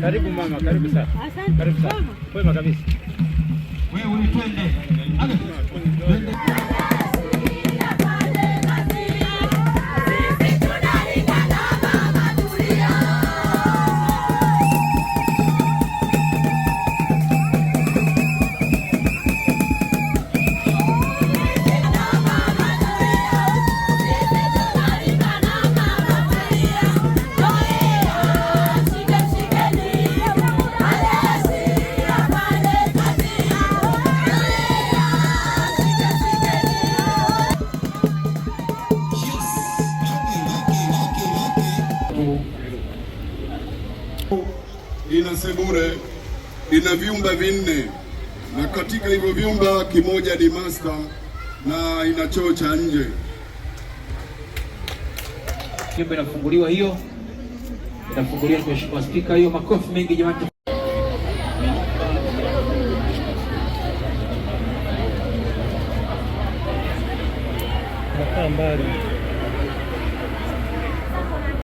Karibu mama, karibu sana. Karibu sana. Kwema kabisa. ina sebure ina vyumba vinne, na katika hivyo vyumba kimoja ni master na ina choo cha nje. Nyumba inafunguliwa hiyo, inafunguliwa kwa Mheshimiwa Spika, hiyo makofi mengi jamani. Mbali.